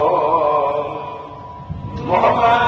Oh, Muhammad.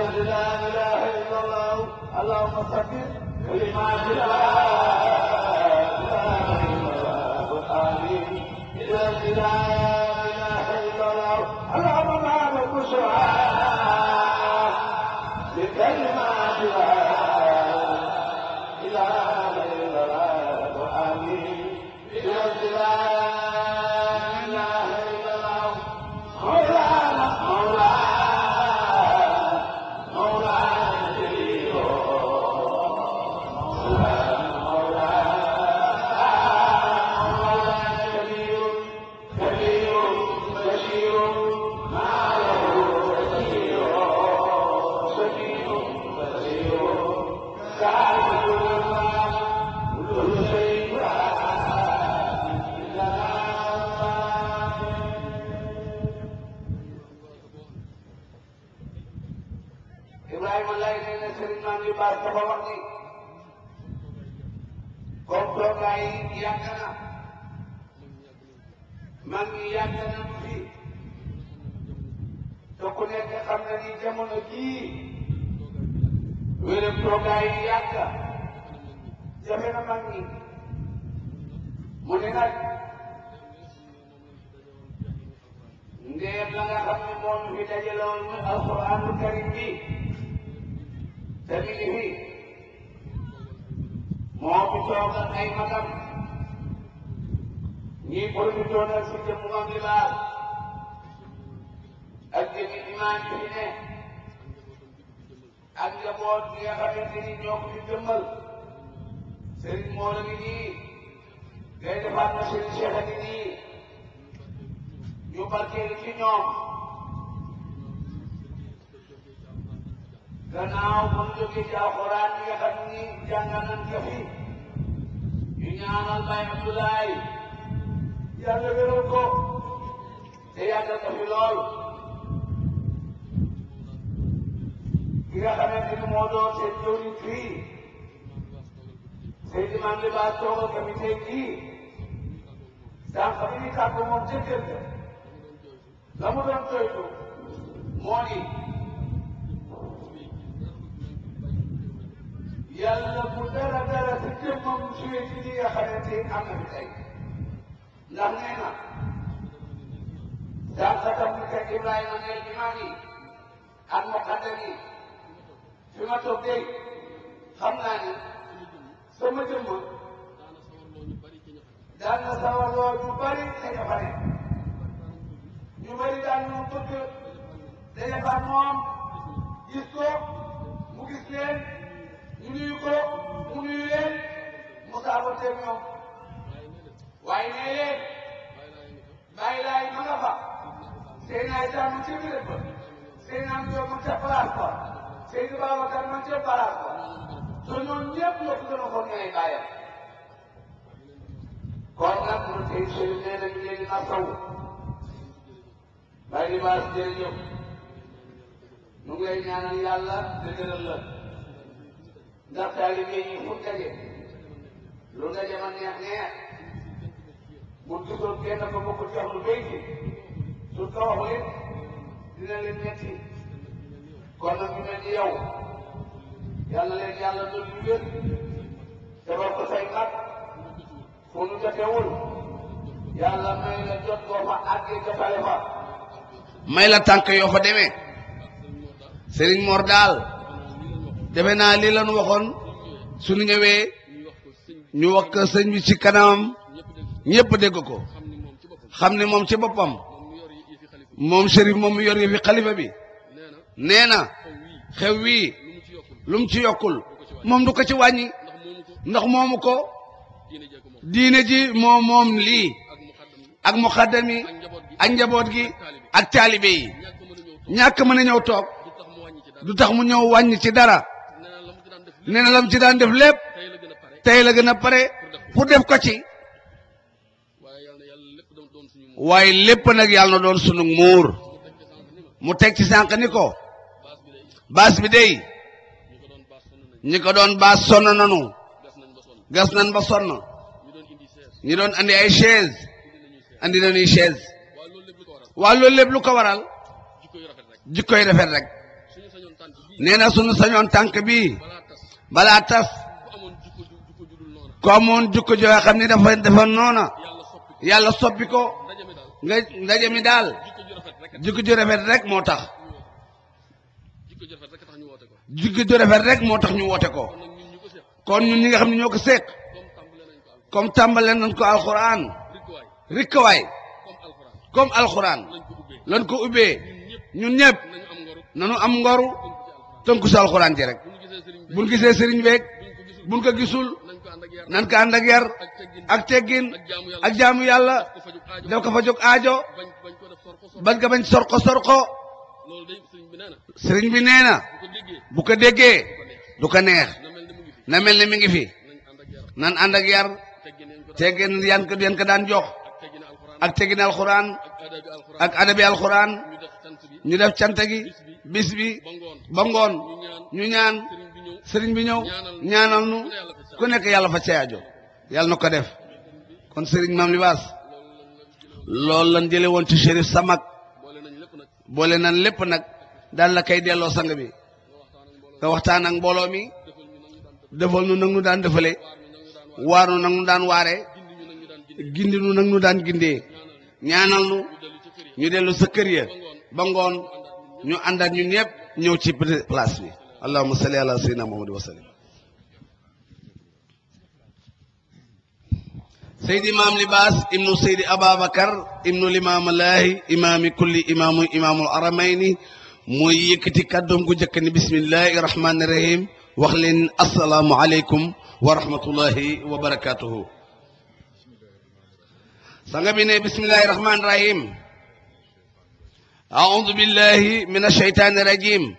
الذي لا اله الا الله اللهم صل كلمات لا God. doon ak si jëmm am xibaar ak jëmmi imaam yi fi ne ak njaboot bi nga xamante ni ñoo ko fi jëmmal Serigne moo la ngi nii day defaat na Serigne Cheikh a ngi nii ñu barkeel ci ñoom gannaaw bu ñu jógee ci alxuraan yi nga xam ni jàng nañ ko fi ñu ñaanal Baye Abdoulaye diario beroko diario tafilol এখানে তিনি মজো century three সেটি মানলে বাস্তব কমিটি কি তার সমিতি কাকু মঞ্চে খেলতে লমুদন চৈতু মনি يلا مدرجة لتتم مشيتي يا حياتي أمرتك ndax nee na daanaka mu fekk Ibrahima ne imaam yi ak muqaddam yi fi ma xam naa ni sama jëmm daan na sawar lool ñu bëri te ñu xale ñu bëri daan ñu bëgg dañu faat moom gis ko mu gis leen ñu nuyu ko mu nuyu leen mu saabanteeg ñoom waaye nee leen bàyyi laay ma nga fa seen ay tam mu ci biir ba seen am doom mu ca palaas ba seen Babacar mu ca palaas ba te ñoom ñëpp ñoo ko gën a xool ñooy bàyyam kon nag mu tey sëriñ nee nañu leen di masawu bàyyi di baas jërëjëf ñu ngi lay ñaanal yàlla dëgëral la ndax taalibe yi fu daje lu daje ma neex neex bu gisoon kenn ko bokk ci ahlu bayti su tooxee dina leen metti kon nag ñu mel ni yow yàlla leen yàlla doon ñu wér defal may la jot koo fa àggee ca fale fa may la tànk yoo fa demee Serigne daal defe naa lii nu waxoon su nu ñëwee ñu wax ko sëñ bi ci kanamam ñëpp dégg ko xam ne moom ci boppam moom sëriñ moom mu yor yëfi xalifa bi nee na xew wii lu mu ci yokkul moom du ko ci wàññi ndax moomu ko diine ji moom moom lii ak muxaddam yi ak njaboot gi ak taalibe yi ñàkk mën a ñëw toog du tax mu ñëw wàññi ci dara nee lam ci daan def lépp tey la gën a pare pour def ko ci waaye lépp nag yàlla na doon sunu muur mu teg ci sànq ni ko baas bi dey ñi ko doon baas sonn nanu gas nañ ba sonn ñi doon andi ay chaise andi nañuy chaise waa loolu lépp lu ko waral jikkoy rafet rek nee na sunu sañoon tànk bi balaa tas ko amoon jikko joo xam ne dafa dafa noona yàlla soppi ko nga ndaje mi daal jikko ju rafet rek moo tax jikko ju rafet rek moo tax ñu woote ko kon ñu ñi nga xam ne ñoo ko seq comme tàmbale nañ ko alxuraan rikkawaay comme alxuraan lan ko ubbee ñun ñëpp nanu am ngoru tënku si alxuraan ji rek buñ gisee sëriñ beeg buñ ko gisul nan ko ànd ak yar ak teggin ak jaamu yàlla def ko fa jóg aajo bañ ko bañ sorko sorko sëriñ bi nee na bu ko déggee du ko neex na mel ne mi ngi fi nan ànd ak yar teggin yan ko yan ko daan jox ak teggin alxuraan ak adabi alxuraan ñu def cant gi ba ngoon ñu ñaan sëriñ bi ñëw ñaanal nu ku nekk yàlla fa caajo yàlla na ko def kon sëriñ maam libaas loolu lan jële woon ci shérif samak boole nan lépp nag daal la kay delloo sang bi nga waxtaan ak mbooloo mi defal nu nag nu daan defale waar nu nag nu daan waare gindi nu nag nu daan gindee ñaanal nu ñu dellu sa kër ya ba ngoon ñu àndaat ñu ñëpp ñëw ci place bi allahumma salli ala sayyidina muhammad wa sallim سيدي إمام لباس ابن سيدي أبا بكر ابن الإمام الله إمام كل إمام إمام الحرمين موي يكتي كدوم بسم الله الرحمن الرحيم وخلين السلام عليكم ورحمة الله وبركاته سنغبيني بسم الله الرحمن الرحيم أعوذ بالله من الشيطان الرجيم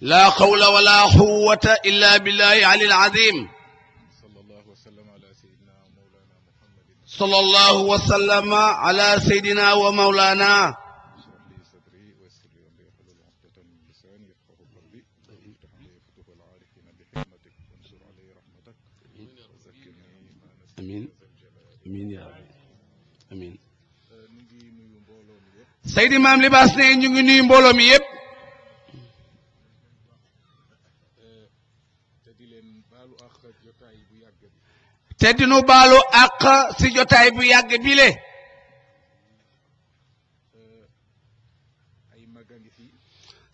لا قول ولا قوة إلا بالله علي العظيم صلى الله وسلم على سيدنا ومولانا سيدي مام يا رب امين seydi maam te dinu baalu àq si jotaay bu yàgg bile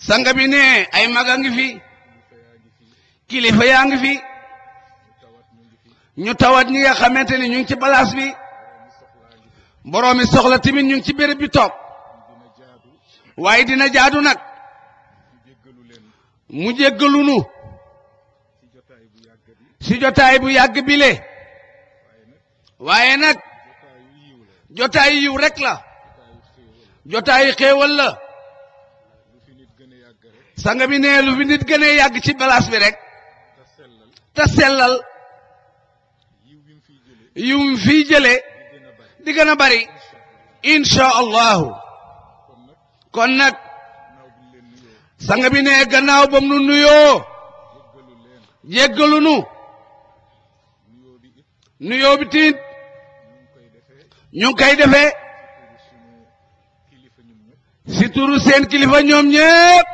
sanga bi ne ay mag a ngi fi kilifa yaa fi ñu tawat ñi nga xamante ni ñu ngi ci balaas bi boroomi soxla tamit ñu ci béréb bi toog waaye dina jaadu nag mu jéggalunu si jotaay bu yàgg bile waaye nag jotaayu yiw rek la jotaayu xéewal la sanga bi nee lu fi nit gën a ci balaas bi rek te sellal yiw mi fiy jëlee di gën a bari incha allahu kon nag sanga bi nee gannaaw bam nu nuyoo jéggalu nu nuyoo bi ñu ngi koy defee si turu seen kilifa ñoom ñëpp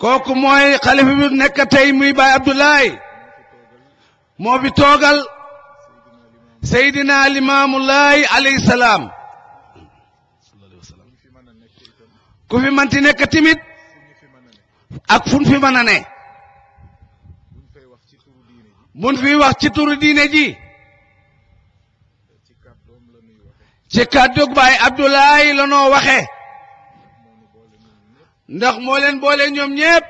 kooku mooy xalifa bi nekk tey muy Baye Abdoulaye moo fi toogal Seydina Limaamulaay alayhi ku fi manti nekk timit ak fun fi mën mun fi wax ci turu diine ji ci kàddug baay Abdoulaye la noo ndax moo leen boole ñoom ñépp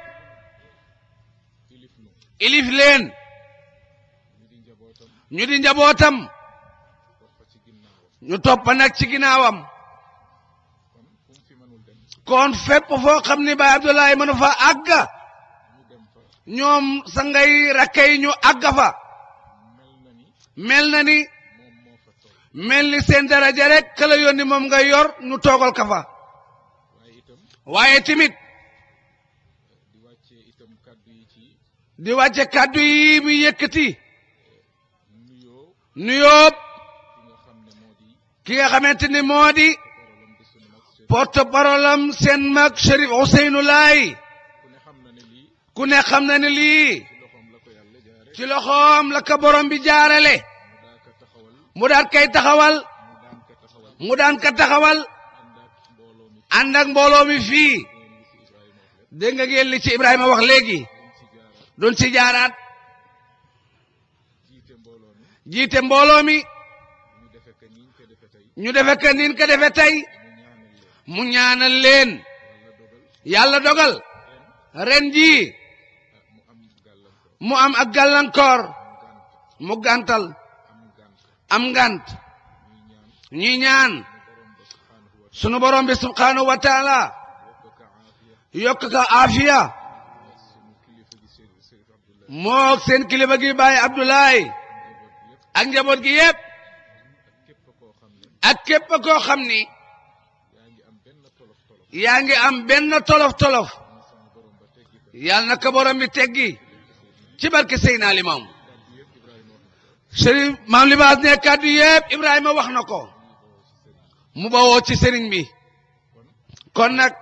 ilif leen ñu di njabootam ñu topp nag ci ginnaawam kon fépp foo xam ni baay Abdoulaye mënu fa àgga ñoom sa ngay rakkay ñu fa mel na ni mel ni seen daraja rek ka la yónni moom nga yor nu toogal ka waaye tamit di wàcce kàddu yi mu yëkkati nuyoo ki nga xamante ni moo di porte parole am seen mag Chérif Ousseynou Laay ku ne xam na ne lii ci loxoom la ko borom bi jaarale mu daan kay taxawal mu daan ka taxawal ànd ak mbooloo mi fii dégg nga ngeen li ci Ibrahima wax léegi doon ci jaaraat jiite mbooloo mi ñu defe ka niin ko defe tey mu ñaanal leen yàlla dogal ren jii mu am ak gàllankoor mu gàntal amgant ñuy ñaan sunu borom bi subhanahu wa ta'ala yok ya ka afiya mook seen kilifa gi baye abdullahi ak njabot gi yeb ak kep ko xamni yaangi am ben tolof-tolof yalla na borom bi teggi ci barke Seydina Limaamu sëriñ maam libaas ne kàddu yëpp Ibrahima wax na ko mu bawoo ci sëriñ bi kon nag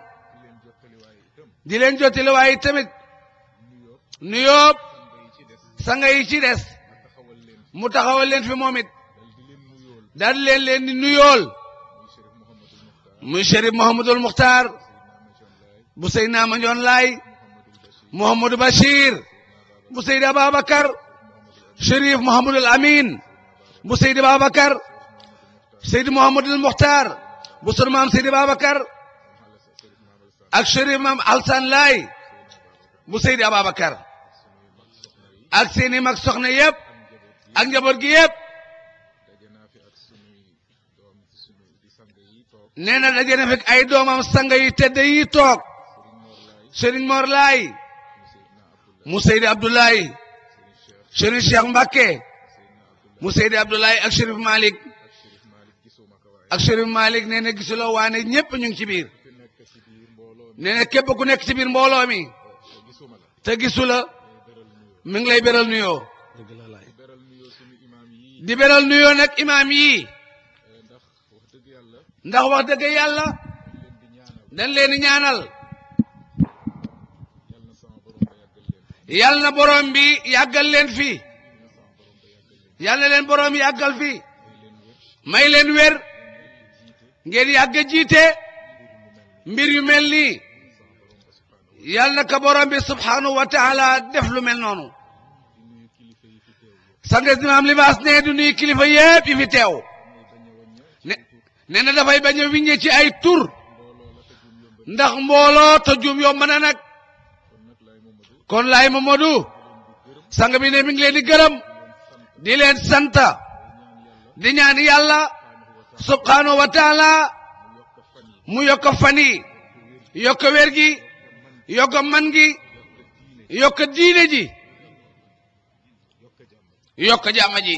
di leen jottali waaye tamit nuyoo sanga yi ci des mu taxawal leen fi moom it daal di leen leen di nuyool muy Chérif Mouhamadul Muxtaar bu Seydina Mandione Laay Mouhamadou Bachir bu Seydi Ababacar شريف محمد الأمين مسيد بابا بكر سيد محمد المختار مسلمان سيد بابا بكر أك شريف مام ألسان لاي مسيد أبا بكر أك سيني مك سخنة يب أك جبر جيب نينا دجينا فيك أي دوم أم سنجي تدي توك شرين مورلاي مسيد عبد الله Chérif Cheikh Mbacke mu Seydi Abdoulaye ak Chérif Malick ak Chérif Malick nee na waane ñëpp ñu ngi ci biir nee képp ku nekk ci biir mbooloo mi te gisu la mi ngi lay beral nuyoo di beral nuyoo nag imaam yii ndax wax dëgg yàlla dañ leen ñaanal yal na borom bi yàggal leen fii yal leen borom yàggal fii may leen wér ngeen yàgg jiite mbir yu mel ni yal na ko borom wa taala def lu mel noonu sanges dimaam libaas ne du nuy kilifa yépp yi fi teew ne dafay bañ a wiññe ci ay tur ndax mbooloo te juum yomb na nag kon laay Mamadou sang bi ne mi ngi leen gërëm di leen sant di ñaan yàlla subhanahu wa mu yokk fan yi yokk wér man gi yokk diine ji yokk jàmm ji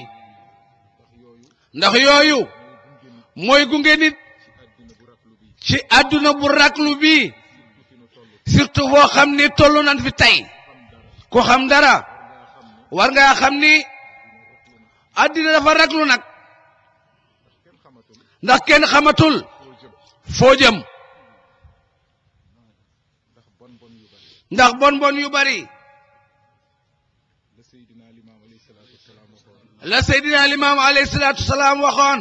ndax yooyu mooy gunge nit ci àdduna bu raklu bii surtout boo xam ni toll nan fi tey ku xam dara war ngaa xam ni addina dafa raglu nag ndax kenn xamatul foo jëm ndax bon bon yu bari la Seydina Limaam alayhi salaatu salaam waxoon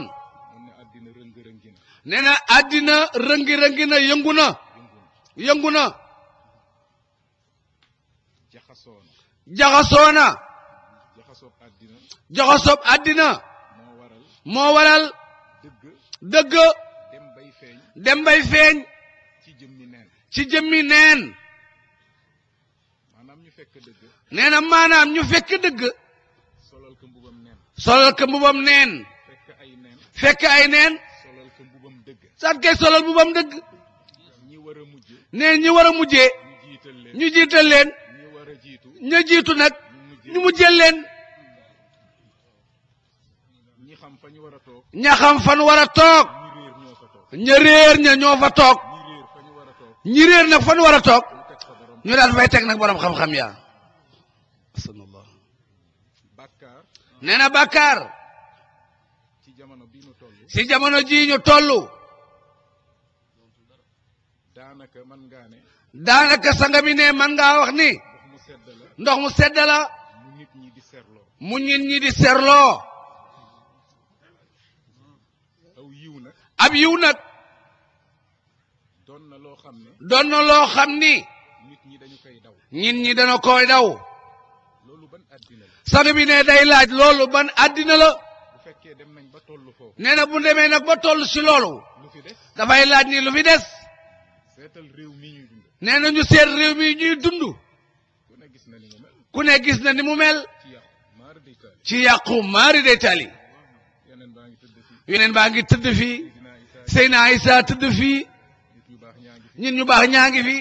nee na addina rëngi-rëngi na jaxasoo na jaxasoob àddina moo waral dëgg dem bay feeñ ci jëmmi neen maanaam ñu fekk dëgg solal ka mbubam neen fekk ay neen saat kay solal mbubam dëgg nee ñi war a mujjee ñu jiital ña jiitu nag ñu mu jël leen ña xam fan war a toog ña réer ña ñoo fa toog ñi réer nag fan war a toog ñu daal fay teg nag borom xam-xam yaa asanallah nee na bàkkaar si jamono ji ñu toll daanaka sanga bi ne mën wax ni ndox mu sedd la mu nit ñi di serloo ab yiw nag doon na loo xam ne doon na loo xam ni nit ñi dañu koy daw nit ñi dana koy daw loolu ban àddina la sang bi ne day laaj loolu ban àddina la bu fekkee dem nañ ba toll foofu nee na bu demee nag ba toll si loolu lu fi dafay laaj ni lu fi des seetal réew mi ñuy dund nee na ñu seet réew mi ñuy dund ku ne gis na ni mu mel ci yàqu maari day tali yeneen baa ngi tëdd fii Seyna Isa tëdd fii ñun ñu baax ñaa ngi fi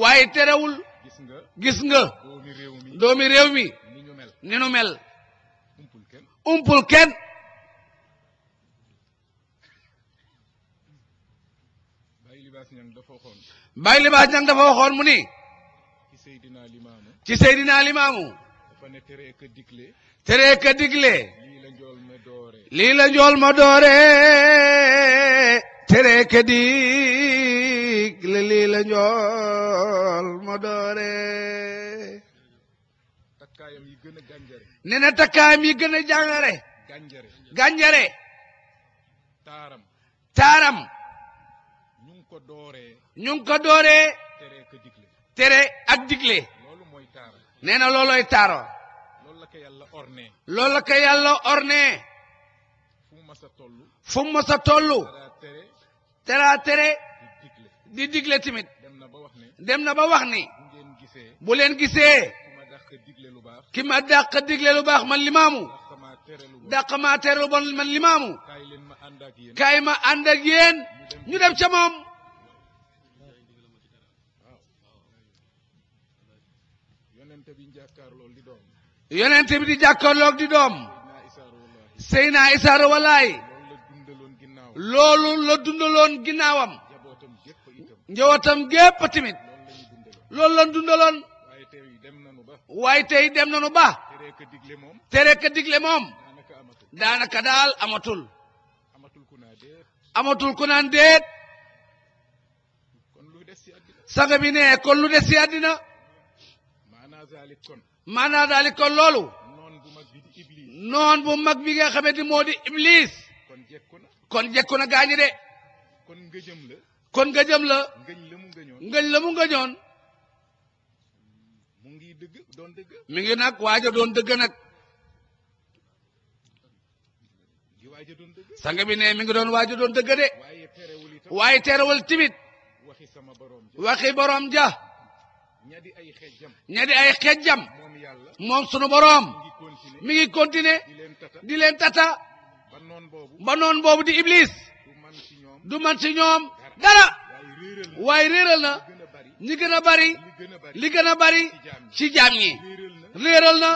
waaye terewul gis nga doomi réew mi ni nu mel umpul kenn Baye Libaas Ñang dafa waxoon mu ni ci Seydina Limaamu tere ka digle lii la njool ma doore tere ka digle lii njool ma doore nee na takkaayam yi gën a jàngare gànjare taaram taaram ñu ngi ko dooree tere ak digle nee na loolooy taaro loolu la ko yàlla orné loolu la ko yàlla orné fu mu mës a toll fu mu mës a toll teraa tere di digle tamit dem na ba wax ni bu leen gisee ki ma dàq digle lu baax man limaamu dàq maa tere lu baax man limaamu kaay ma ànd ak yéen ñu dem ca moom yonent bi di jàkkaarloog di doom Seyna Isaa Rouhou Laye loolu la dundaloon ginnaawam njabootam gépp tamit loolu la dundaloon waaye tey dem nanu ba tere ka digle moom daanaka daal amatul amatul ku naan déet sanga bi ne kon lu des ci àddina maanaam daal di kon loolu noon bu mag bi nga xamante moo di iblis kon jekku na gaañi de kon gëjëm jëm la kon nga jëm la ngëñ la mu ngëñoon mu ngi dëgg doon dëgg mi ngi waaja doon dëgg nag sang bi ne mi ngi doon waaja doon dëgg de waaye terewul timit waxi boroom ja ña di ay xejjam moom sunu boroom mi ngi continuer di leen tata ba noon boobu di iblis du man ci ñoom dara waaye réeral na ñi gën a bari li gën a bari ci jaam ñi réeral na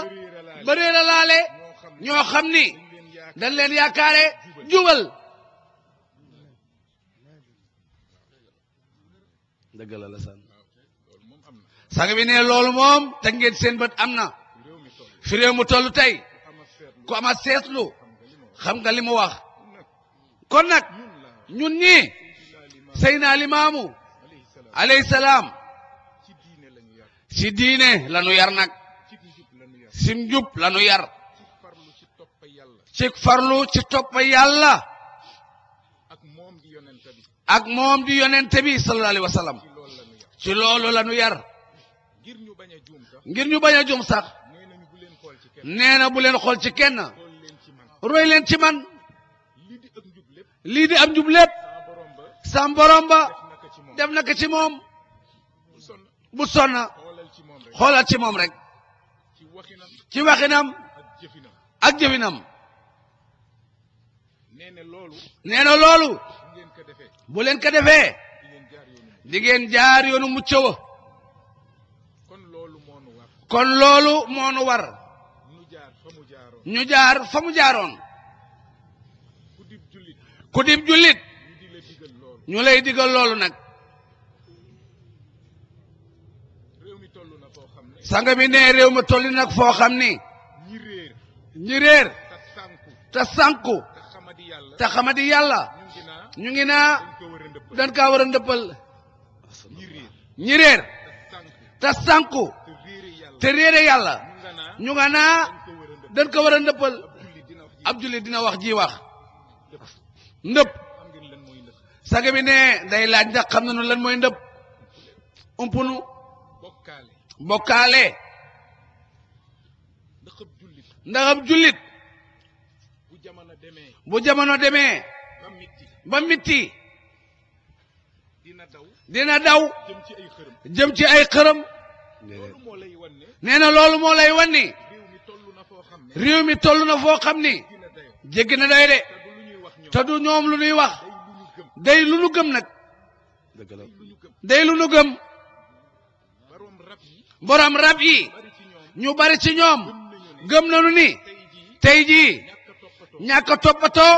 ba réeralaale ñoo xam ni da leen yaakaare jubal dëgg sang bi ne loolu moom te ngeen seen bët am na fi réew mu toll tey ku ama seetlu xam nga li mu wax kon nag ñun ñii Seydina Limaamu alayhi salaam si diine la yar nag si njub la nu yar ci farlu ci toppa yàlla ak moom di yonente bi sallallahu alayhi wa sallam ci loolu la yar ngir ñu bañ a juum sax ngir ñu bañ a juum sax nee na bu leen xool ci kenn roy leen ci man lii di am njub lépp sam borom ba def na ko ci moom bu sonna xoolal ci moom rek ci waxinam ak jëfinam nee na loolu bu leen ko defee di ngeen jaar yoonu mu cewo kon loolu moo nu war ñu jaar fa mu jaaroon ku dib jullit ñu lay digal loolu nag sanga bi ne réew ma toll nag foo xam ni ñi réer te sànku te xamadi yàlla ñu ngi naa dañ kaa war a ndëppal ñi réer te réere yàlla ñu nga naa dañ ko war a ndëppal ab jullit dina wax ji wax ndëpp sage bi day laaj ndax xam na nañu lan mooy ndëpp umpunu bokkaale ndax ab jullit bu jamono demee ba mitti dina daw jëm ci ay xërëm nee na loolu moo lay wan ni réew mi toll na foo xam ni jéggi na doy de te du ñoom lu ñuy wax day lu nu gëm nag day lu nu gëm borom rab yi ñu bari ci ñoom gëm nañu ni tey jii ñàkk a toppatoo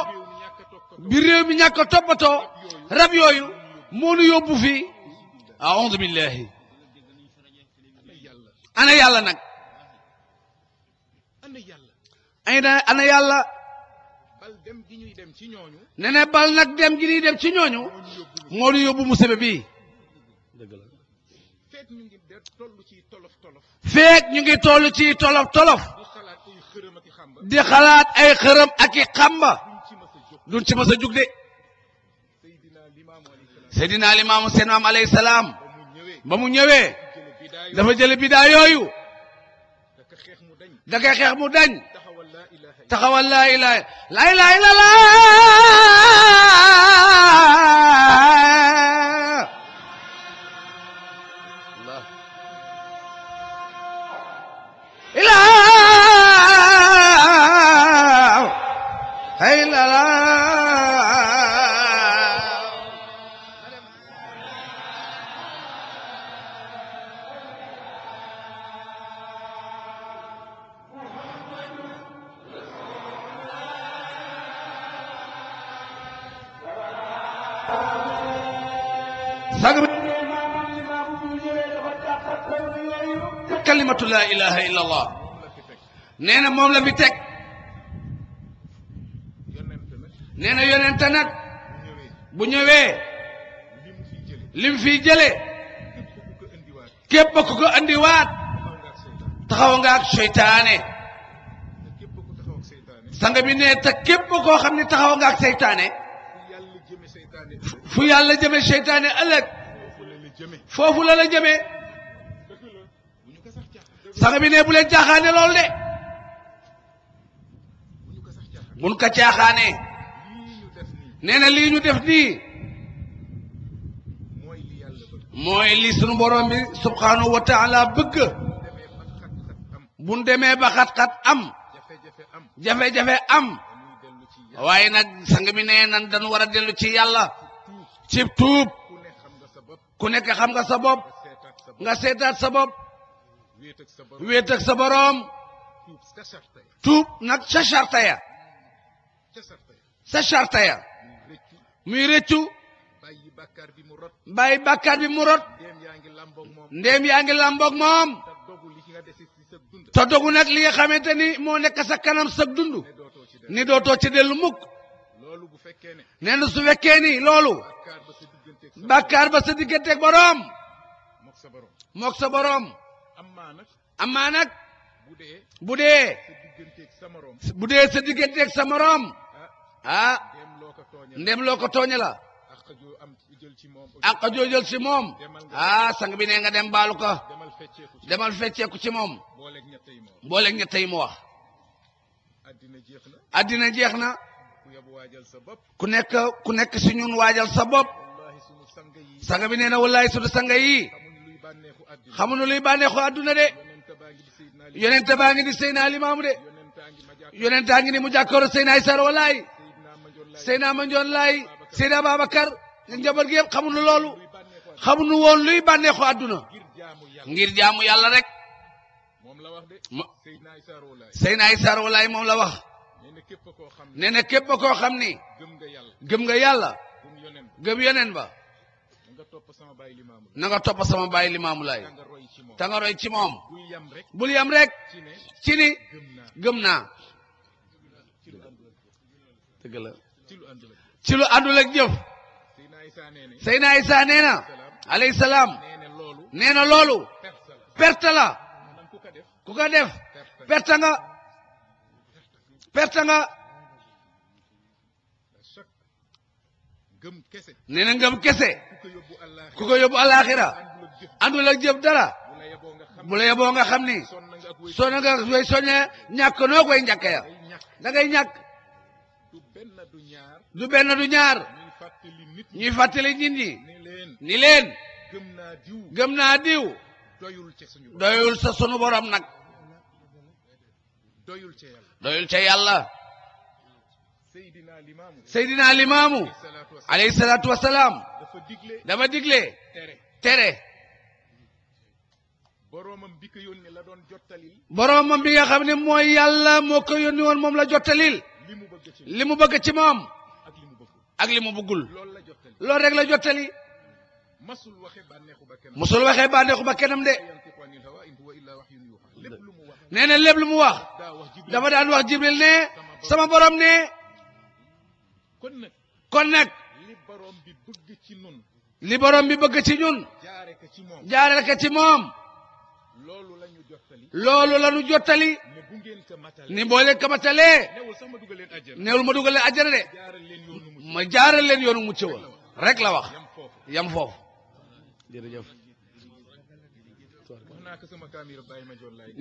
bi réew mi ñàkk a toppatoo rab yooyu moo nu yóbbu fii a'udhu billahi ana yàlla nag ana yàlla ne ne bal nag dem gi ñuy dem ci ñooñu moo di yóbbu musiba bii feek ñu ngi toll ci tolof tolof di xalaat ay xërëm ak i xàmba duñ ci mës a jug de Seydina Limaamu seen maam alayhi salaam ba mu ñëwee dafa jële bidaa yooyu da koy xeex mu dañ taxawal laa ilaha laa ilaha illa allah kalimatul la ilaha illallah nee mom la fi tek nee na nak bu ñewé lim fi jële kep ko ko andiwaat taxaw nga ak shaytané sanga bi ta kep ko xamni taxaw nga ak shaytané fu yalla jëme shaytané fofu la la sang bi ne bu leen caaxaane loolu de mun ko caaxaane nee na lii ñu def nii mooy li sunu borom bi subhanahu wa taala bëgg buñ demee ba xat-xat am jafe-jafe am waaye nag sang bi nee na dañ war a dellu ci yàlla cib tuub ku nekk xam nga sa bopp nga seetaat sa bopp wéet sa boroom tuub nag ca sarta ya sa sarta ya muy rëccu bàyyi bàkkaar bi mu rot ndéem yaa ngi làmboog moom sa dogu nag li nga xamante ni moo nekk sa kanam sa dund ni dootoo ci dellu mukk nee na su fekkee ni loolu bàkkaar ba sa digganteeg boroom mook sa boroom amaa nag bu dee bu dee sa digganteeg sa moroom ah, ah ndem loo ko tooñe la ak joo ci moom ah sang bi nga dem baalu ko demal fecceeku ci moom booleeg ñett yi mu wax addina jeex na ku nekk ku nekk si ñun waajal sa bopp sang na wallaay suñu sang yi xamuñu luy bànneexu àdduna de yonente baa ngi di Seydina Limaamu de yonente a ngi ni mu jàkkoor Seydina Issa Rouhou Laye Seydina Mandione Laye Seydina Babacar njaboot gi yëpp xamuñu loolu xamuñu woon luy bànneexu àdduna ngir jaamu yàlla rek Seydina Issa Rouhou Laye moom la wax nee na képp koo xam ni gëm nga yàlla gëm yonen ba na nga topp sama bàyyi limaamu laay ta nga roy ci moom bul yam rek ci ni gëm naa dëgg la ci a àndul ak jëf Seydina Isaa nee na alayhi salaam ku ko def perte nga nee na ngëm kese ku ko yobbu alakhirah andu la jëf dara mu la yobbo nga xamni ni nga way soñe ñak no koy ñak ya da ngay ñak du ben du ñaar ñi fatali nit ñi ni leen gëm na diw doyul ci sunu borom nak doyul ci yalla Seydina Limaamu alayhi salaatu wa salaam dafa digle tere boroomam bi nga xam ne mooy yàlla moo ko yónni woon moom la jottalil li mu bëgg ci moom ak li mu bëggul loolu rek la jottali musul waxee bànneexu ba kenam de nee na lépp lu mu wax dafa daan wax Jibril ne sama borom ne kon nag li bi bëgg ci ñun li borom bi bëgg ci ñun jaare ko ci moom jaare ko ci moom loolu la ñu jottali loolu la ñu jottali ni boo leen ko matalee neewul ma dugaleen àjjana de ma jaaral leen yoonu mucc wa rek la wax yam foofu jërëjëf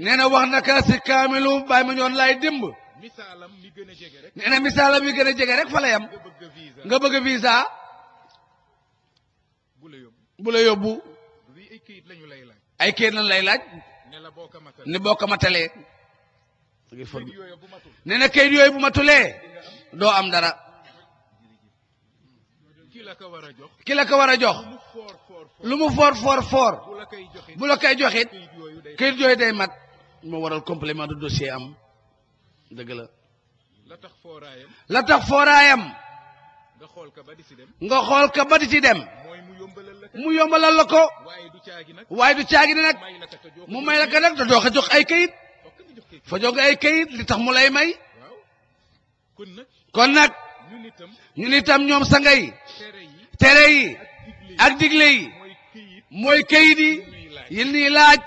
nee na wax naka si kaamilu Baye ñoon lay démb misaalam mi gën a jege rek nee na misaalam mi gën a jege rek fa la yam nga bëgg visa bu la yóbbu ay kayit lañu lay laaj ay kayit lañu lay laaj ne la boo ko matalee ne boo ko matalee nee na kayit yooyu bu matulee doo am dara ki la ko war a jox ki la ko war a jox lu mu foor foor foor bu la koy joxit kayit yooyu day mat moo waral complément de dossier am dëgg la. la tax fooraayam. la tax fooraayam. nga xool ka ba di si dem. nga xool ka di si dem. mu yombalal la ko. waaye du caagi nag. waaye du caagi nag mu may la ka nag da doo ay kayit. fa jox ay kayit li tax mu lay may. kon nag ñun itam ñoom sa ngay tere yi ak digle yi mooy kayit yi yi ñuy laaj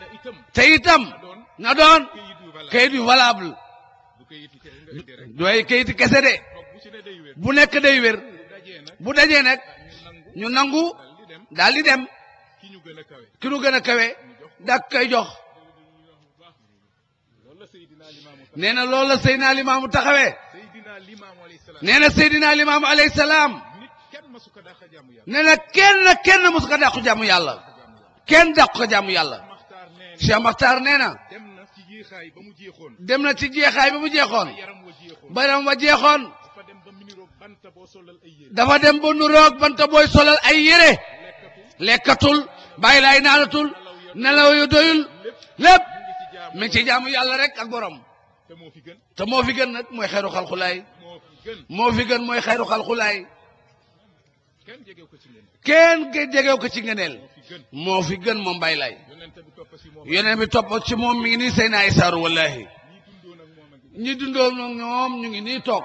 te itam na doon kayit yu valable. dooy kayiti kese de bu nekk day wér bu dajee nag ñu nangu daal di dem ki nu gën a kawe dak koy jox nee na loolu la Seydina Limaamu taxawee nee na Seydina Limaamu alayhi salaam nee na kenn kenn mosu ko dàqu jaamu yàlla kenn dàqu ko jaamu yàlla a Maxtaar nee dem na ci jeexaay ba mu jeexoon ba yaram wa jeexoon dafa dem ba nuroog banta booy solal ay yére lekkatul bàyyi laay naanatul nelaw yu doyul lépp mi ngi ci jaamu yàlla rek ak borom te moo fi gën nag mooy xeeru xalxulaay moo fi gën mooy xeeru xalxulaay kenn jegew ko ci ngeneel moo fi gën moom bàyyi laay yeneen bi topp ci moom mi ngi nii sëy naa isaaru wallahi ñi dundoo ak ñoom ñu ngi nii toog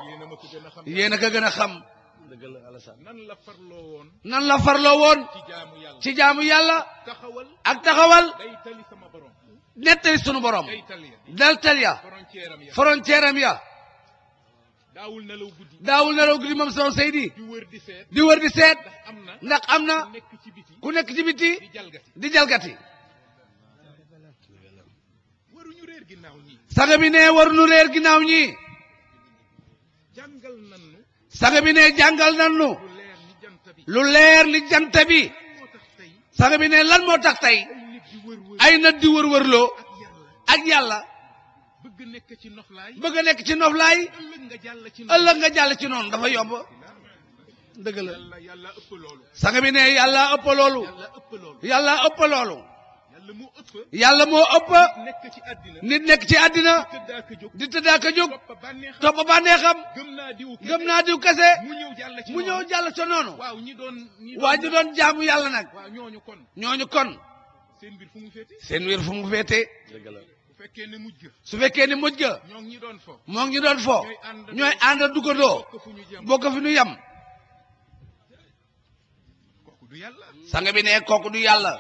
yéen a ko gën a xam nan la far farloo woon ci jaamu yàlla ak taxawal nettali sunu borom deltal ya frontière am ya daawul nelaw guddi moom sama Seydi di wër di seet ndax am na ku nekk ci biti di jalgati saga bi ne war nu réer ginnaaw ñi saga bi ne jàngal nannu lu leer li jant bi saga bi ne lan moo tax tey ay nat di wër-wërloo ak yàlla bëgg a nekk ci noflaay ëllëg nga jàll ci noonu dafa yomb dëgg la saga bi ne yàlla ëpp loolu yàlla ëpp loolu yàlla moo ëpp nit nekk ci àddina di tëddaaka jóg topp bànneexam gëm naa diw kese mu ñëw jàll ca noonu waa ñu doon jaamu yàlla nag ñooñu kon seen mbir fu mu féete su fekkee ne mujj ga moo ngi ñu doon fo ñooy ànd duggandoo bokk fi ñu yem sang bi ne kooku du yàlla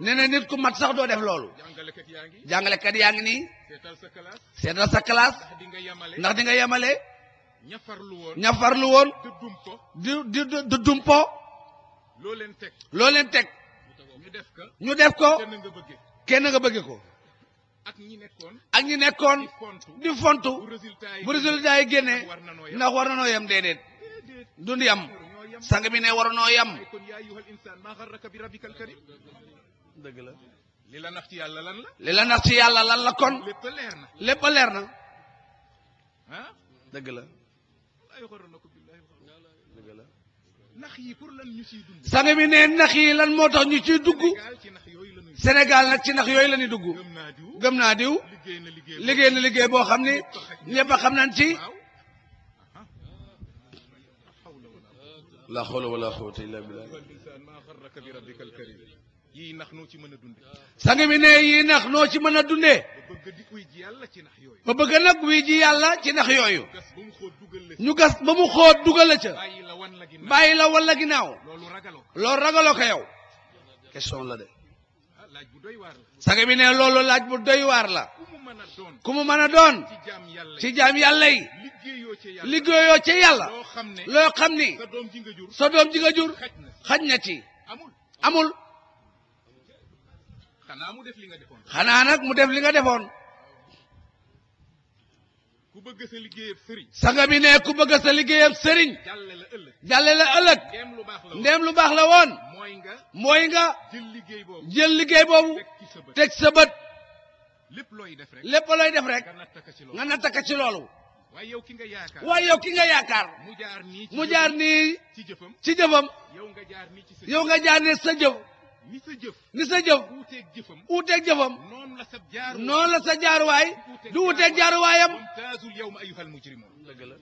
nee na nit ku mat sax doo def loolu jàngalekat yaa ngi nii seetal sa classe ndax di nga yemale ña farlu woon di di di dumpo loo leen teg ñu def ko kenn nga bëgge ko ak ñi nekkoon di fontu bu résultat yi génnee ndax war na noo yem déedéet dund yam sang bi ne waroonoo yam dëgg la li la nax ci yàlla lan la li la yàlla lan la kon lépp leer na lépp leer na ah dëgg la dëgg la nax yi pour lan ñu ciy dund sang bi ne nax yi lan moo tax ñu ciy dugg Sénégal nag ci nax yooyu la ñuy dugg gëm naa diw liggéey na liggéey boo xam ne ñëpp a xam nañ ci la hawla wala quwwata illa billah yii nax noo ci mën a dunde sang bi ne yii nax noo ci mën a dundee ba bëgg nag wii ji yàlla ci nax yooyu ñu gas ba mu xóot dugal la ca bàyyi la wan la ginnaaw loolu ragaloo ko yow question la de sang bi ne loolu laaj bu doy waar la ku mu mën a doon ci jaam yàlla yi ci yàlla loo xam ni sa doom ji nga jur xaj na ci amul xanaa nag mu def li nga defoon ku bëgg sa liggéeyam sëriñ jàlle la ëllëg ndéem lu baax la woon mooy nga liggéey boobu teg sa lépp loy def rek lépp loy def rek nga nattaka ci loolu. waaye yow ki nga yaakaar waaye yow ki nga yaakaar mu jaar nii mu jaar nii ci jëfam ci jëfam yow nga jaar nii ci sa yow nga jaar nii sa jëf. ni sa jëf ni sa jëf uuteeg jëfam uuteeg jëfam noonu la sa jaar noonu la sa jaaruwaay du uuteeg jaaruwaayam mumtaazul yawma ayyuhal mujrimuun dëgg la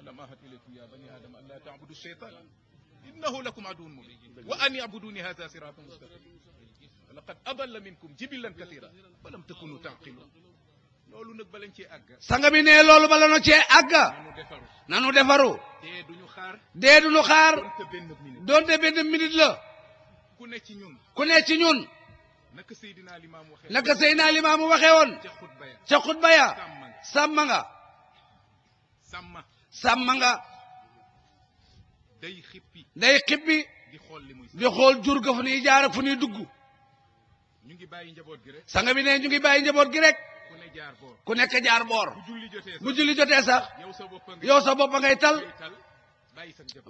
alam ahad ilaykum ya bani aadama an laa taabudu shaytaan innahu lakum aduwwun mubiin wa an i'buduni haadha siraatun mustaqiim laqad adalla minkum jibilan kathiran falam takunu taqilun loolu nag balañ cee àgg sanga bi ne loolu bala no cee agga nanu defaru dee duñu xaar dee duñu xaar doonte benn minute la ku ne ci ñun ku ne ci ñun naka Seydina Limaamu waxee naka Seydina Limaamu waxee woon ca xutba ya sàmm nga sàmm sàmm nga day xippi day xippi di xool jur ga fu ñuy jaar ak fu ñuy dugg ñu ngi bàyyi njaboot gi rek sanga bi ne ñu ngi bàyyi njaboot gi rek ku nekk jaar boor bu julli jotee sax yow sa bopp ngay tal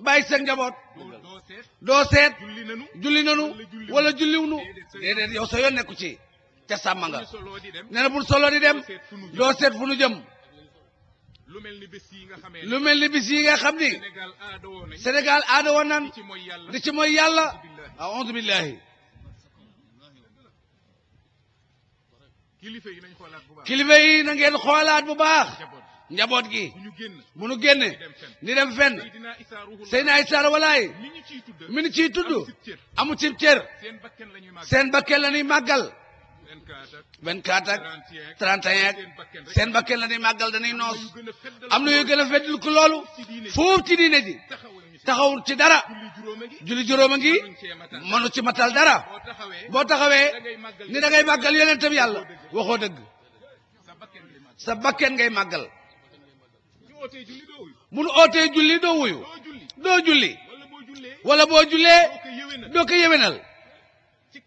bàyyi sa njaboot doo seet julli nanu wala julliwnu déedéet yow sa yoon nekku ci ca sàmm nga nee na bul solo di dem doo seet fu nu jëm lu mel ni bis yi nga xam ni Sénégal aada woon nan di ci mooy yàlla aoudu billahi kilifa yi nañ xoolaat bu baax kilifa yi na ngeen xoolaat bu baax njaboot gi bu nu génne ni dem fenn Seydina Issa Rouhou Laye mi ngi ciy tudd amu cib cër seen bakken la ñuy màggal 24 ak 31 ak seen bakken la ñuy màggal dañuy noos am na yu gën a feddul ku loolu foofu ci diine ji taxawul ci dara julli juróom a ngi mënu ci matal dara boo taxawee ni da ngay màggal yonentam yàlla waxoo dëgg sa bakken ngay màggal mun ootee julli doo wuyu doo julli wala boo jullee doo ko yëwénal ci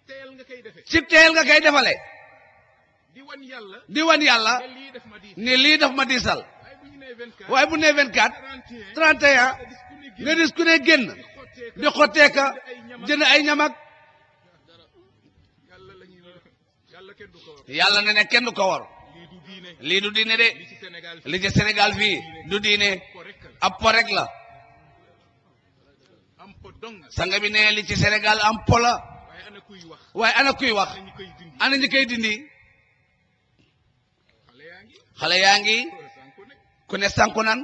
teel nga kay defale di wan yàlla ne lii def ma diisal waaye bu nee 24 31 nga gis ku ne génn di xotteeka jënd ay ñamag yàlla na ne kenn du ko war lii du diine de li ci Sénégal fii du diine ab po rek la sanga bi ne li ci Sénégal am po la waaye ana kuy wax ana ñi koy dindi xale yaa ngi. ku ne sànku nan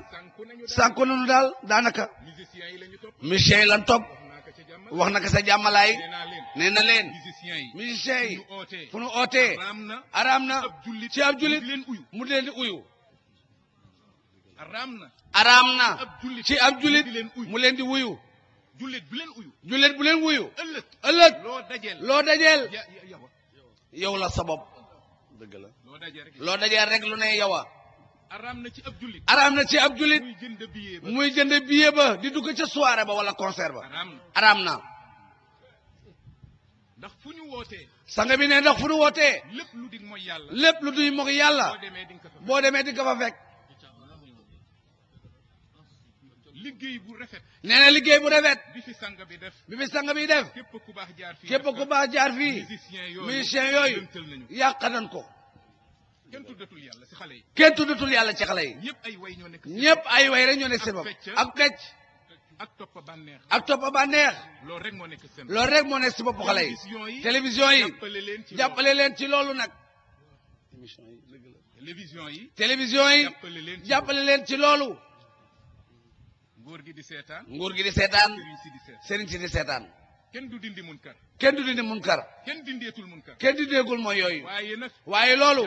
sànku nanu daal daanaka musiciens yi lan topp wax naka sa jàmmalaay nee na leen musiciens yi fu nu ootee araam na ci ab julit mu leen di uyu araam na ci ab julit mu leen di wuyu jullit bu leen wuyu jullit bu leen wuyu ëllëg loo dajeel yow la sabab dëgg la loo dajeel rek lu ne yowa araam na ci ab jullit araam na ci ab jullit muy jënd billet ba di dugg ca soirée ba wala concert ba araam na ndax ñu wootee sanga bi ne ndax fu ñu wootee lépp lu di mooy yàlla lépp lu di mooy yàlla boo demee di nga fa fekk liggéey bu rafet nee na liggéey bu rafet bi fi sang bi def bi fi bi def képp ku baax jaar fii képp ku baax jaar fii musicien yooyu yàq nañ ko kenn tuddatul yàlla ci xale yi ñëpp ay way rek ñoo nekk seen bopp ak fecc ak topp bànneex ak topp bànneex loolu rek moo nekk si bopp xale yi télévision yi jàppale leen ci loolu nag télévision yi jàppale leen ci loolu nguur gi di seetaan sëriñ si di seetaan kenn du dindi munkar kenn du dindi munkar kenn dindeetul munkar kenn dindeegul mooy yooyu waaye nag waaye loolu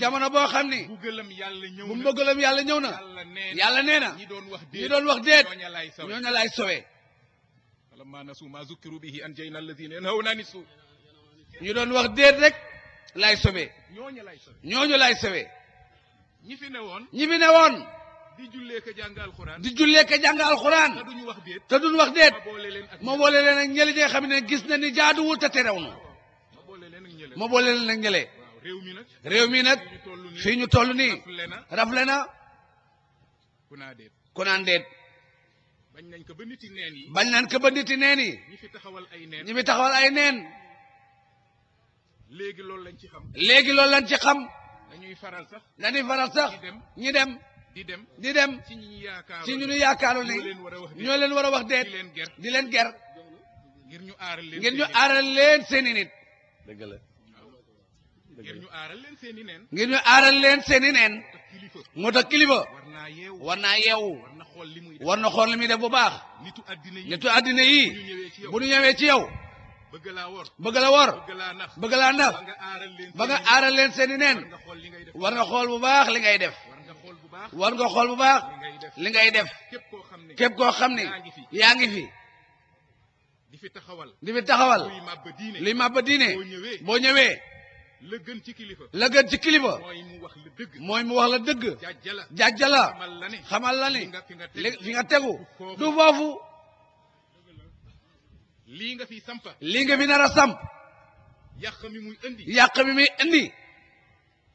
jamono boo xam ni mbëggalam yàlla ñëw na mbëggalam yàlla ñëw na yàlla nee na ñi doon wax déet ñi doon wax déet ñooña laay sowee falammaa nasuu maa zukkiru bihi anjaynaa allaziina yanhawna ani suu ñu doon wax déet rek laay sowee ñooñu laay sowee ñooñu laay sowee ñi fi ne woon ñi fi ne woon di jullee ka jàng alxuraan di jullee ka jàng wax déet te duñ wax déet ma boole leen ak ñële ñi nga xam ne gis na ni jaaduwul te terew na ma boole leen ak ñële réew mi nag réew mi nag fii ñu toll ni rafle na ku naan déet ku bañ nañ ko ba niti neen yi bañ nañ ko ba niti neen yi ñi fi taxawal ay neen ñi fi taxawal ay neen léegi loolu lañ ci xam léegi loolu lañ ci dañuy faral sax dañuy faral sax ñi dem di dem ci ñu yaakaaru ne ñoo leen war a wax deet di leen ger ngir ñu aaral leen ngir seeni nit dëgg la ngir ñu aaral leen seeni neen ngir ñu aaral leen seeni neen moo tax kilifa war naa yeewu war na xool li muy def bu baax nitu àddina yi bu ñu ñëwee ci yow bëgg la wor bëgg la wor bëgg laa nax ba nga aaral leen seeni neen war nga xool bu baax li ngay def war nga xool bu baax li ngay def képp koo xam ne yaa ngi fi di fi taxawal luy màbba diine boo ñëwee la gën ci kilifa la gën ci kilifa mooy mu wax la dëgg jàjjala xamal la ni fi nga tegu du foofu lii nga fi nar a samp yàq mi muy indi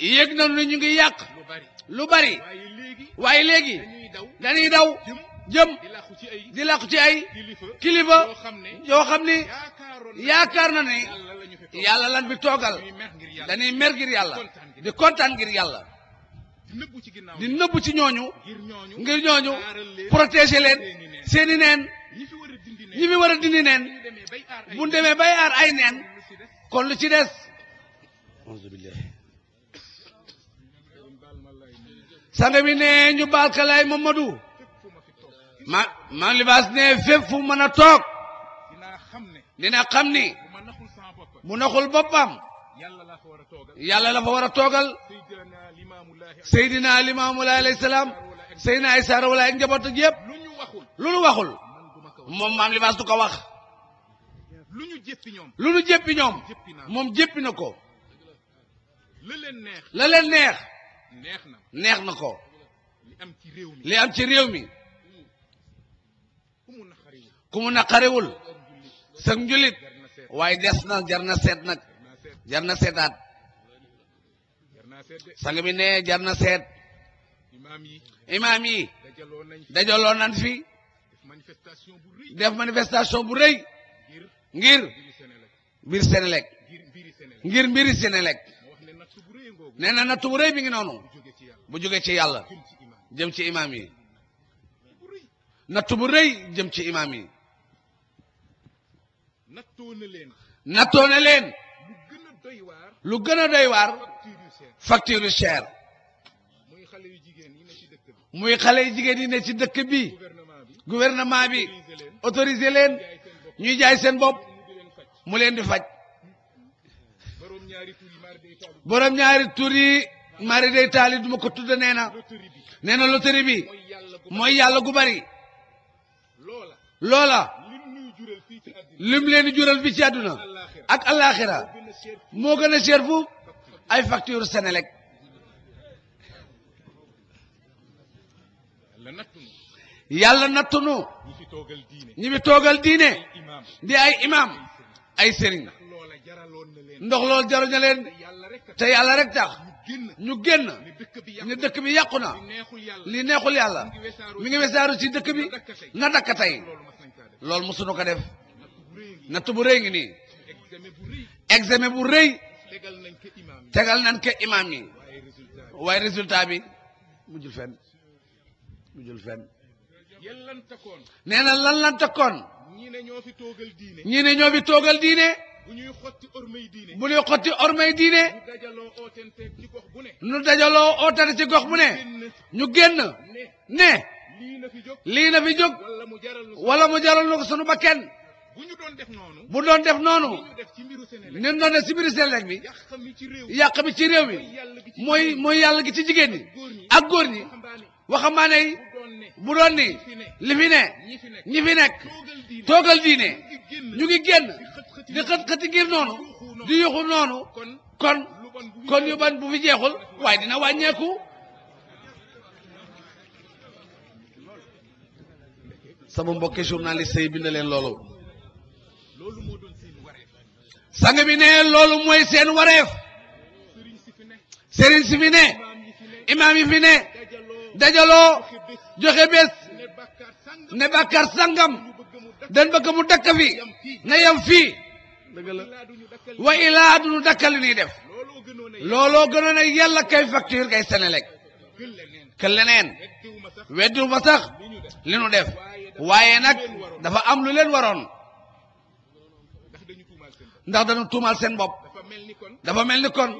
yëg nañu ne ñu ngi yàq lu bari waaye léegi dañuy daw jëm di làqu ci ay kilifa yoo xam ni yaakaar na ni yàlla lan bi toogal dañuy mer ngir yàlla di kontaan ngir yàlla di nëbbu ci ñooñu ngir ñooñu protéger leen seeni neen ñi fi war a dindi neen bu demee bay aar ay neen kon lu ci des sang bi ne ñu baal ka lay Mamadou ma ma libaas ne fépp fu mën a toog dina xam ni mu naxul boppam yàlla la fa war a toogal Seydina Limaamulaay alayhi salaam Seydina Isaa Rawlaay ak njaboot ak yëpp lu ñu waxul moom maam libaas du ko wax lu ñu jéppi ñoom moom jéppi na ko la leen neex neex na ko li am ci réew mi ku na naqariwul sëg njulit waaye des na jar na seet nag jar na seetaat sang bi ne jar na seet imaam yi dajaloo nañ fi def manifestation bu rëy ngir biir Senelec ngir mbiri senelek nee na natt bu rëy bi ngi noonu bu jóge ci yàlla jëm ci imaam yi natt bu rëy jëm ci imaam yi nattoo na leen nattoo na leen lu gën a doy waar facture yu cher muy xale yu jigéen yi ne ci dëkk bi gouvernement bi autorisé leen ñuy jaay seen bopp mu leen di faj borom ñaari tur mari day taali duma ko tudd nee na nee na loterie bi mooy yàlla gu bari loola lim leen di jural fii ci àdduna ak alaxira moo gën a cher fu ay facture Senelec yàlla nattunu ñi toogal diine di ay imam ay sëriñ ndox loolu jaru na leen te yàlla rek tax ñu génn ñu dëkk bi yàqu na li neexul yàlla mi ngi wesaaru ci dëkk bi na dakk tey loolu mosuñu ko def natt bu rëy ngi nii examen bu rëy tegal nañ ko imaam yi waaye résultat bi mujjul fenn mujjul fenn nee na lan lan takkoon ñii ne ñoo fi toogal diine bu ñuy xotti ormay diine. bu ñuy xotti ormay diine. ñu dajaloo ootante ci gox bu ne. ñu dajaloo ootante ci gox bu ne. ñu génn ne. lii na fi jóg lii na fi jóg. wala mu jaral nu ko sunu ba kenn. bu ñu doon def noonu. bu doon def noonu. ñun doon def ci mbiru Sénélec bi. yàq mi ci réew mi. mooy mooy yàlla gi ci jigéen ñi. ak góor ñi. waxambaane bu doon ni li fi ne ñi fi nekk toogal diine ñu ngi génn di xët xëti ngir noonu di yuxu noonu kon kon bu fi jeexul waaye dina wàññeeku sama mbokki journaliste yi bind leen loolu sang bi ne loolu mooy seen wareef sëriñ si imaam yi dajaloo joxe bés ne bàkkaar sangam dañ bëgg mu dakk fi na yem fii wa ilaa duñu dakkal li ñuy def looloo gënoon a yàlla kay facture kay Senelec ke leneen weddiwu ma sax li ñu def waaye nag dafa am lu leen waroon ndax dañu tuumaal seen bopp dafa mel ni kon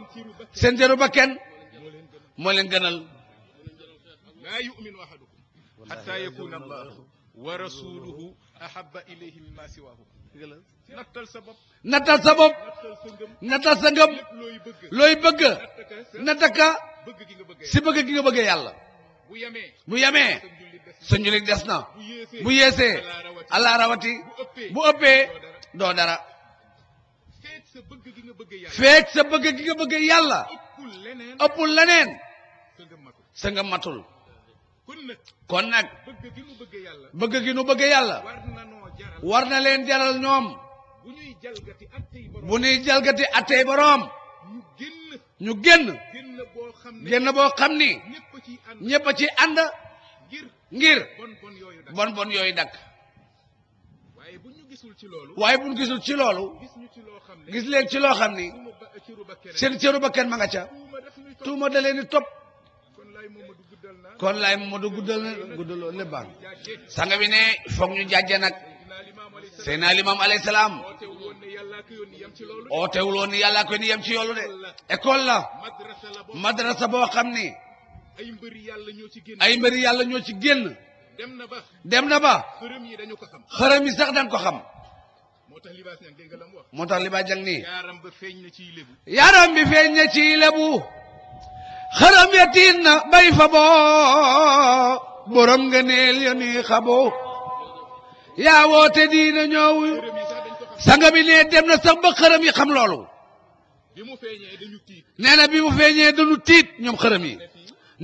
seen jëru ba kenn moo leen gënal لا يؤمن أحدكم حتى يكون الله ورسوله أحب إليه مما سواه nattal nataka si gi nga bu yame suñu li bu yese ala rawati bu uppe do dara sa beug gi nga matul kon nak bëgg gi nu bëgg yalla war na leen jaral ñoom bu ñuy jalgati attey borom ñu genn genn bo xamni ñepp ci and ngir bon bon yooyu dakk waaye buñ gisul ci lolu gis leen ci lo xamni seen cëru ma nga ca tuuma da leen top kon lay Modu guddal guddaloo lépp baax sanga bi ne foog ñu jàjje nag Seydina Limaam alayhi salaam oo teewloo ni yàllaa ko ni yem ci yoolu de école la madrasa boo xam ni ay mbëri yàlla ñoo ci génn dem na ba xërëm yi sax danga ko xam moo tax libaas jang nii yaaram bi feeñ na ci lebu xaram ya tiit na bay fa boo borom nga neel ya nii xaboo yaa woote diina ñoo sanga bi ne dem na sax ba xaram yi xam loolu nee na bi mu feeñee dañu tiit ñoom xaram yi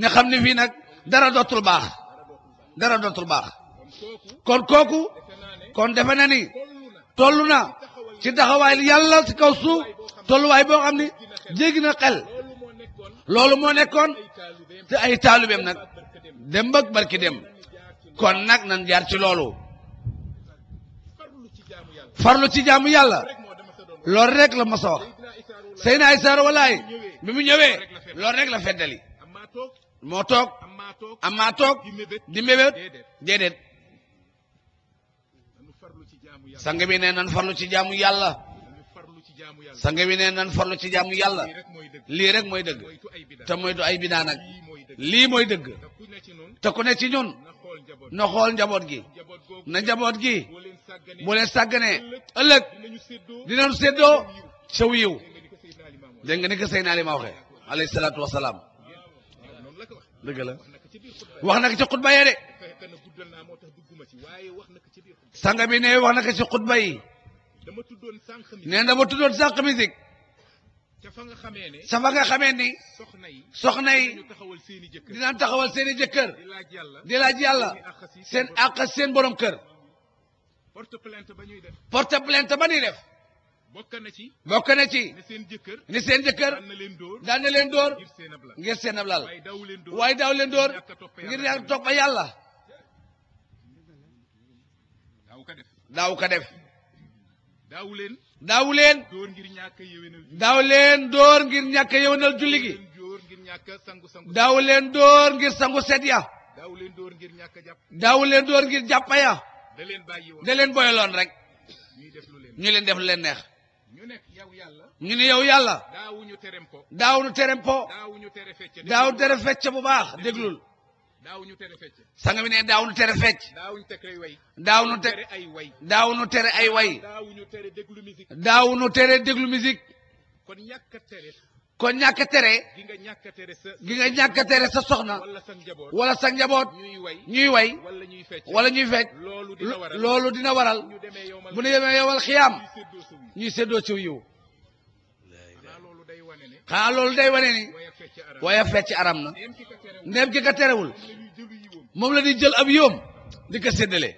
ne xam ne fii nag dara dootul baax dara dootul baax kon kooku kon defe na ni toll na ci taxawaay yàlla ci kaw suuf tolluwaay boo xam ni jéggi na xel loolu mo nekkon te ay talibem nak dem bëgg barki dem kon nak nan jaar ci loolu farlu ci jamu yalla lor rek la masa wax Seydina Isaa walay bi mu lor rek la fédali mo tok amma tok di mébét dedet sangami ne nan farlu ci jamu yalla sanga bi nee nan farlu ci jaamu yàlla lii rek mooy dëgg te moytu ay bidaa nag lii mooy dëgg te ku ne ci ñun na xool njaboot gi na njaboot gi bu leen sàgganee ëllëg dinañ séddoo saw yiw dégg nga ni ko Seydina Ali ma waxee alayhi salaatu wasalaam dëgg la wax na ko ci xutba yee de sanga bi ne wax na ko ci xutba yi dama tuddoon sànq mi nee dama tuddoon sànq mi sig ca fa nga xamee ne sa fa nga xamee ni soxna yi soxna yi dinaan taxawal seen i jëkkër di laaj yàlla seen àq seen borom kër porte plainte ba ñuy def porte plainte ba ñuy def bokk na ci bokk na ci ni seen jëkkër daan na leen dóor ngir seen ab lal waaye daaw leen dóor ngir ñàkk topp a yàlla daaw ko def daaw leen daaw leen dóor ngir ñàkk yëwénal daaw leen door ngir ñàkk yëwénal julli gi dóor ngir ñàkk sangu sangu daaw leen dóor ngir sangu set ya daaw leen dóor ngir ñàkk jàpp daaw leen dóor ngir jàppa ya da leen bàyyi woon da leen boyaloon rek ñu def lu leen ñu leen def leen neex ñu ne yow yàlla ñu ne yow yàlla daaw ñu terem po daaw ñu terem po daaw ñu tere fecc daaw tere fecc bu baax déglul daawuñu tere fecc sang bi ne daawuñu tere fecc daawuñu tere way daawuñu tere ay way daawuñu tere ay way daawuñu tere déglu musique daawuñu tere déglu kon ñàkk a tere kon ñàkk a tere gi nga ñàkk a tere sa gi nga ñàkk tere sa soxna wala sa njaboot ñuy way wala ñuy fecc loolu dina waral bu ne yemee yowal xiyaam ñuy séddoo ciw yiw xanaa loolu day wane ni waaye fecc aram na ndéem ki ka terewul moom la di jël ab yóom di ko séddale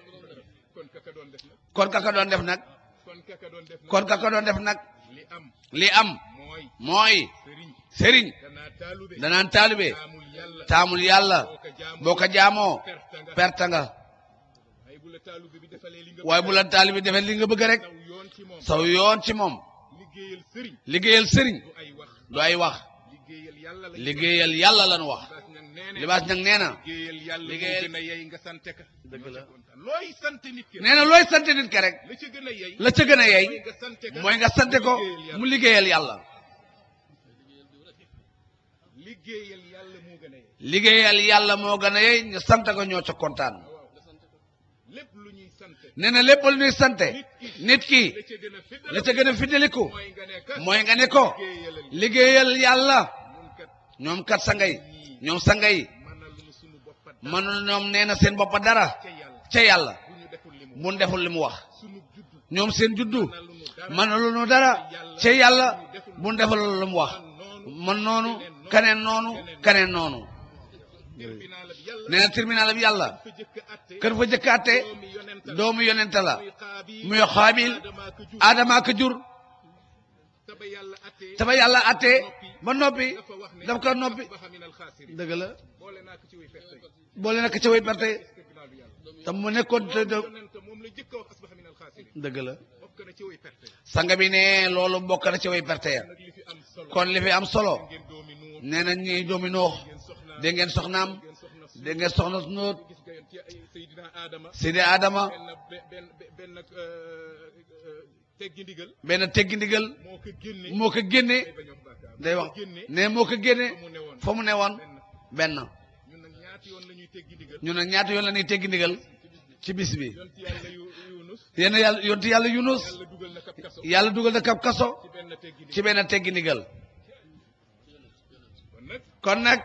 kon ka ka doon def nag kon ka ka doon def nag li am mooy sëriñ danaan taalibe taamul yàlla boo ko jaamoo perte nga waaye bu la taalibe defee li nga bëgg rek saw yoon ci moom liggéeyal sëriñ du ay wax liggéeyal yàlla lan wax libaas nag nee na liggéeyal dëgg la nee na looy sant nit ke rek la ca gën a yey mooy nga sant ko mu liggéeyal yàlla liggéeyal yàlla moo gën a yey ñu sant ko ñoo ca kontaan nee na lépp lu sante nit ki la ca gën mooy nga ne ko liggéeyal yàlla ñoom kat sangay ñoom sangay mënul ñoom nee na seen boppa dara ca yàlla mun deful li mu wax ñoom seen juddu mënul nu dara ca yàlla mun deful lu wax man noonu kaneen noonu kaneen noonu nee na tribunal bi yàlla kër fa jëkk atte doomu yonente la muy xaabil aadama ka jur taba yàlla atte ba noppi daf ko noppi dëgg la boole nak ci way perte te mu nekkoon te dëgg la sanga bi ne loolu bokk na ci way perte ya kon li fi am solo nee na ñi doomi noox dégg ngeen soxnaam dégg ngeen soxna su nóot Seydi Adama benn teggi ndigal moo ko génne day wax ne moo ko génne fa mu ne woon benna ñu ne ñaata yoon la ñuy teggi ndigal ci bis bi yéen yàlla yonti yàlla Yunus yàlla dugal na kab kasso ci benn teggi ndigal kon nag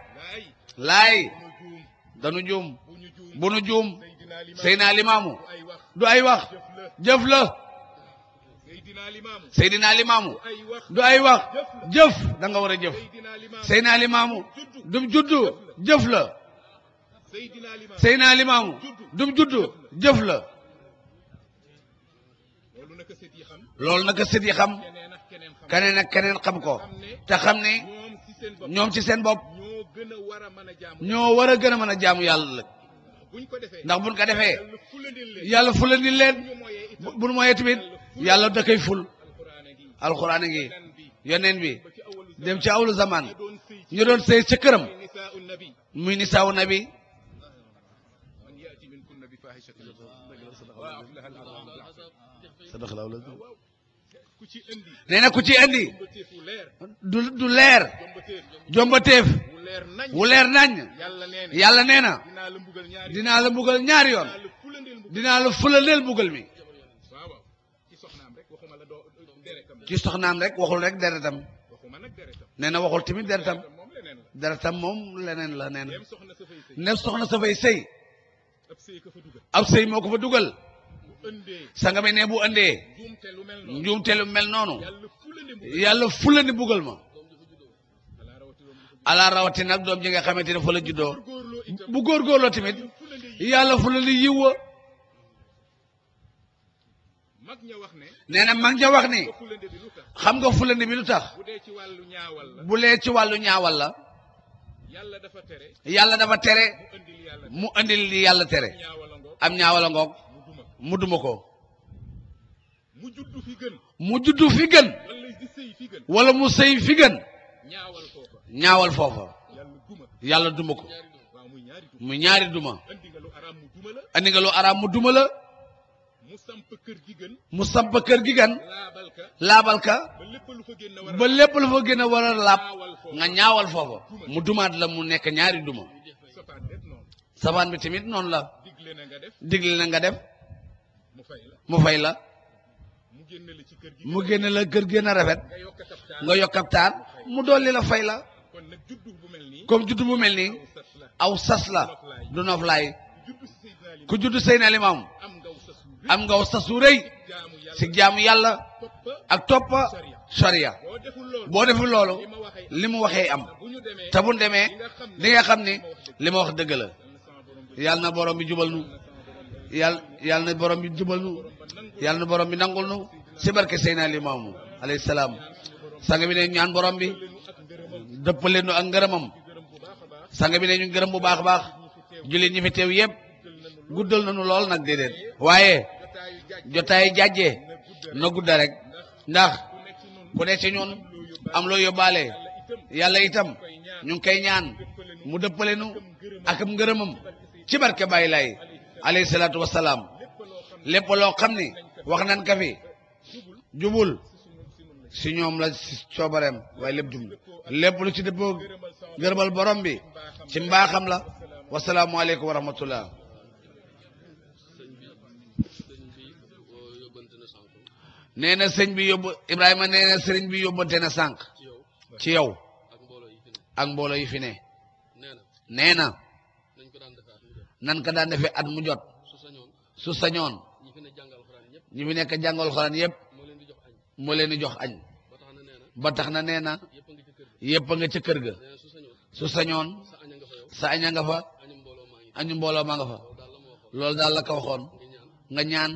laay danu juum bu nu juum Seydina du ay wax jëf la Seydina Limaamu du ay wax jëf da nga war a jëf Seydina Limaamu du juddu jëf la Seydina Limaamu du juddu jëf la loolu naka sët yi xam keneen ak keneen ko te xam ne ñoom ci seen bopp ñoo war a gën a mën a jaamu yàlla ndax buñ ko defee yàlla fulandi leen buñ mooyee tamit yàlla da koy ful alxuraan ngi yoneen bi dem ci awlu zaman ñu doon sëy ca këram muy nisaawu nabi nee na ku ci indi du du leer jombateef wu leer nañ yàlla nee na dinaa la mbugal ñaari yoon dinaa la fulandeel bugal mi ci soxnaam rek waxul rek deretam nee na waxul tamit deretam deretam moom leneen la nee na ne soxna sa fay sëy ab say moo ko fa dugal sanga bi ne bu ëndee njuumte lu mel noonu yàlla fulandi mbugal ala rawati doom ji nga xamante ne fa la juddoo bu góorgóorloo tamit yàlla fu la li yiwwa nee na mag ña wax ni xam nga fulandi bi lu tax bu lee ci wàllu ñaawal la yàlla dafa tere mu andil li yàlla tere am ñaawala ngoog mu duma ko mu juddu fi gën wala mu sëy fi gën ñaawal foofa yàlla duma ko mu ñaari duma andi nga lu araam mu duma la mu samp kër gi gën mu samp kër gi gën laabal ka ba lépp lu fa gën a war a laab nga ñaawal foofa mu dumaat la mu nekk ñaari duma safaan bi tamit noonu la digle na nga def mu fay la mu génne la kër gi a rafet nga yokk ab taar mu dolli la fay la comme juddu bu mel nii aw sas la du noflaay ku juddu Seydina Limaamu am nga aw sas wu rëy si jaamu yàlla ak toppa sharia boo deful loolu li mu waxee am te demee di nga xam ni li ma wax dëgg la na borom bi jubal nu yàlla yàlla na borom bi jubal nu yàlla na borom bi nangul nu si barke Seydina Limaamu alayhi salaam sang bi ne ñaan borom bi dëppale nu ak ngërëmam sang bi ne ñu gërëm bu baax a baax jullit ñi fi teew yëpp guddal nañu lool nag déedéet waaye jotaay jàjjee na gudda rek ndax ku ne ci ñun am loo yóbbaale yàlla itam ñu ngi koy ñaan mu dëppale nu ak am ngërëmam ci barke bàyyi laay wasalaam lépp loo xam ni wax nan ka fi jubul si ñoom la coobareem waaye lépp jum lépp lu ci dëppoo gërëmal borom bi ci mbaaxam la wasalaamualeykum wa rahmatullah nee na sëñ bi yóbbu Ibrahima nee sëriñ bi yóbbante na sànq ci yow ak mboolo yi fi ne nee na nan ko daan defee at mu jot su sañoon ñi fi nekk jàngal xoraan yëpp mo leen jox añ ba tax na nee na yépp nga ca kër ga su sañoon sa aña nga fa añu mbooloo maa nga fa loolu daal la ko waxoon nga ñaan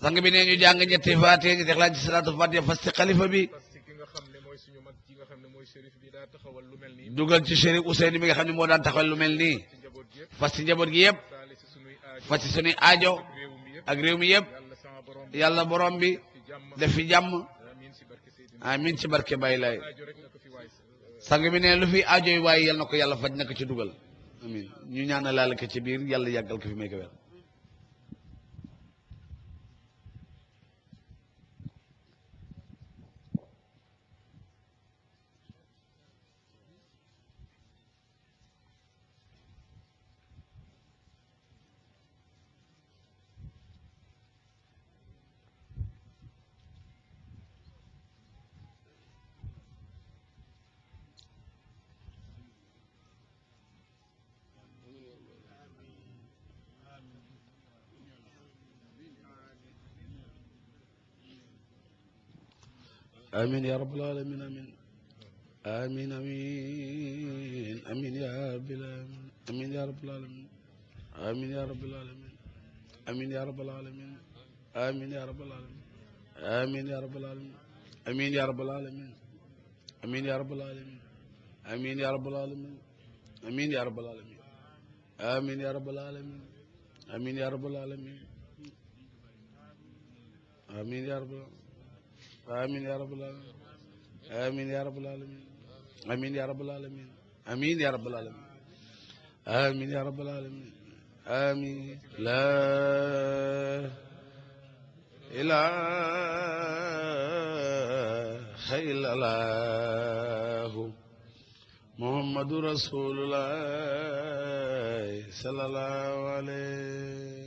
sang bi nee ñu jàng ñetti faatiha ñetti xlaa ci salaatu faatiha fas ci xalifa bi dugal ci Chérif Ousseynou bi nga xam ne moo daan taxawal lu mel nii fas ci njaboot gi yëpp fas ci sunuy aajo ak réew mi yëpp yàlla borom bi def fi jàmm amin ci barke Baay Laay sang bi ne lu fi aajo yi waaye yal na ko yalla faj na ko ci dugal amin ñu ñaanal laal ko ci biir yàlla yàggal ko fi may ko آمين يا رب العالمين آمين آمين آمين آمين يا رب العالمين آمين يا رب العالمين آمين يا رب العالمين آمين يا رب العالمين آمين يا رب العالمين آمين يا رب العالمين آمين يا رب العالمين آمين يا رب العالمين آمين يا رب العالمين آمين يا رب العالمين آمين يا رب العالمين آمين يا رب العالمين آمين يا رب العالمين آمين يا رب العالمين آمين يا رب العالمين آمين يا رب العالمين آمين يا رب العالمين آمين يا رب العالمين آمين لا إله إلا الله محمد رسول الله صلى الله عليه